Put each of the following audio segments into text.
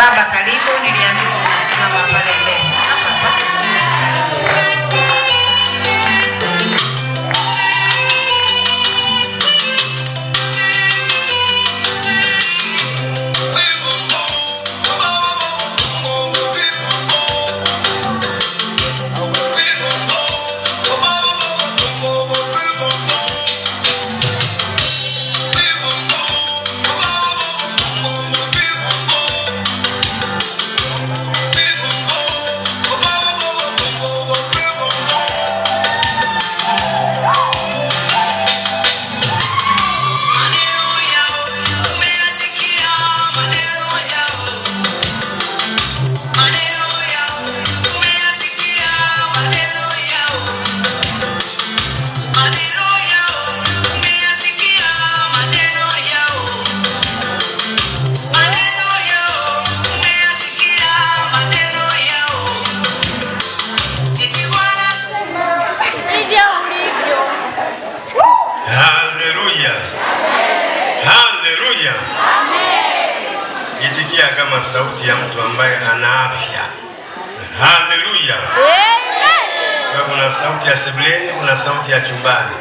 Baba, karibu. Niliambiwa unasimama pale. nasikia kama sauti ya mtu ambaye ana afya. Haleluya! Kuna sauti ya sebuleni, kuna sauti ya chumbani.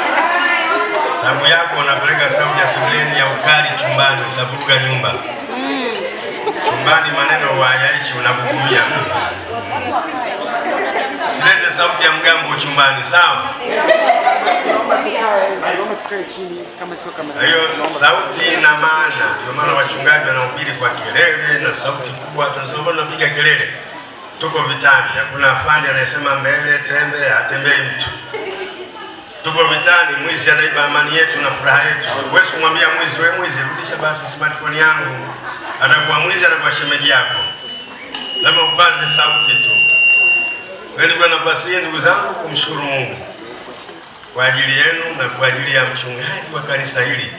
Tabu yako unapeleka sauti ya sebuleni, ya ukali chumbani, utavuruga nyumba. Mm. Chumbani maneno wayaishi, unavuruga silete sauti ya mgambo chumbani, sawa? tukae chini, kama sio kama hiyo sauti ina maana. Ndio maana wachungaji wanahubiri kwa kelele na sauti kubwa, tunasema tunapiga kelele, tuko vitani. Hakuna afande anayesema mbele tembe, atembei mtu. Tuko vitani, mwizi anaiba amani yetu na furaha yetu. Wewe kumwambia mwizi, wewe mwizi, rudisha basi smartphone yangu, anakuwa mwizi, anakuwa shemeji yako, lama upaze sauti tu. Ndugu zangu, kumshukuru Mungu kwa ajili yenu na kwa ajili ya mchungaji wa kanisa hili.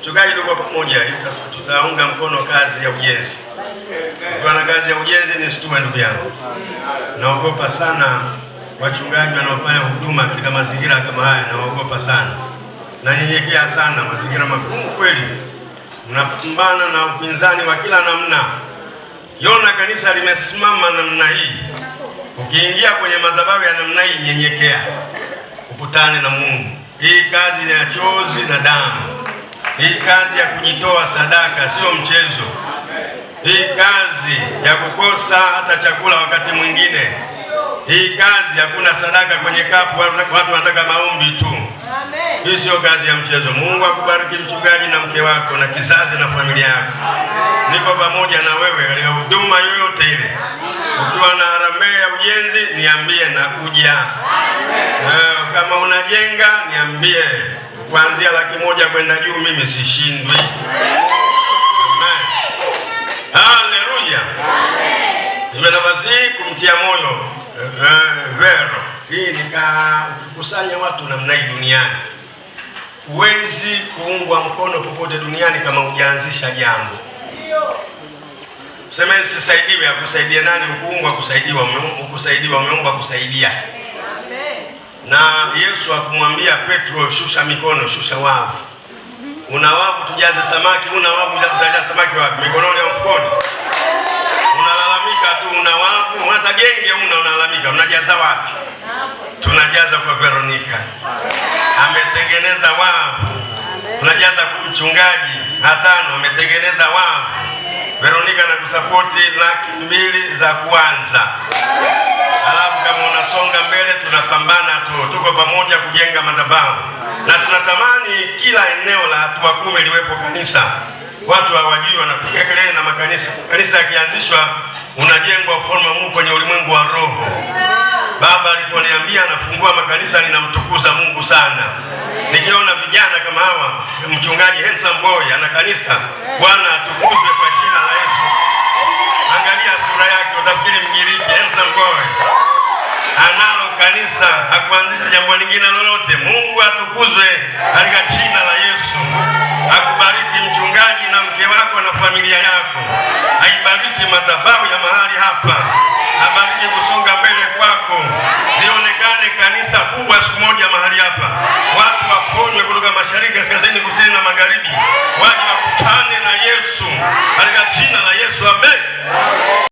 Mchungaji, tuko pamoja, tutaunga mkono kazi ya ujenzi. Ukiwa na kazi ya ujenzi ni situme, ndugu yangu. Naogopa sana wachungaji wanaofanya huduma katika mazingira kama haya, naogopa sana, nanyenyekea sana. Mazingira magumu kweli, mnapambana na upinzani wa kila namna. Yona kanisa limesimama namna hii, ukiingia kwenye madhabahu ya namna hii, nyenyekea ukutane na Mungu. Hii kazi ya chozi na damu, hii kazi ya kujitoa sadaka sio mchezo. Hii kazi ya kukosa hata chakula wakati mwingine, hii kazi hakuna sadaka kwenye kapu. Watu wanataka maombi tu. Hii sio kazi ya mchezo. Mungu akubariki mchungaji na mke wako na kizazi na familia yako. Niko pamoja na wewe katika huduma yoyote ile. Ukiwa na harambee ya ujenzi, niambie na kuja. Eh, kama unajenga niambie, kuanzia laki moja kwenda juu, mimi sishindwi. Amen. Haleluya. Niwe nafasi kumtia moyo eh, eh, Vero. Hii nika watu namna hii duniani Huwezi kuungwa mkono popote duniani kama hujaanzisha jambo. Sema sisaidiwe, akusaidia nani? Ukuungwa kusaidiwa, ukusaidiwa, umeungwa kusaidia. Na Yesu akumwambia Petro, shusha mikono, shusha wavu. Mhm. Una wavu tujaze samaki, una wavu utajaza samaki wapi? Mikononi au mfukoni? Unalalamika tu, una wavu hata genge una, unalalamika unajaza wapi? tunajaza kwa Veronika, ametengeneza wavu. Tunajaza kwa mchungaji Hadhano, ametengeneza wavu. Veronika na kusapoti laki mbili za kwanza, alafu kama unasonga mbele, tunapambana tu, tuko pamoja kujenga madhabahu, na tunatamani kila eneo la hatua kumi liwepo kanisa. Watu hawajui, wanapiga kelele na makanisa. Kanisa yakianzishwa, unajengwa ufalme Mungu kwenye ulimwengu wa roho. Baba aliponiambia anafungua makanisa, ninamtukuza Mungu sana. Nikiona vijana kama hawa, mchungaji handsome boy ana kanisa. Bwana atukuzwe kwa jina la Yesu. Angalia sura yake, utafikiri Mgiriki. Handsome boy analo kanisa, hakuanzisha jambo lingine lolote. Mungu atukuzwe katika jina la Yesu. Akubariki mchungaji na mke wako na familia yako, aibariki madhabahu ya mahali hapa. mashariki, kaskazini, kusini na magharibi.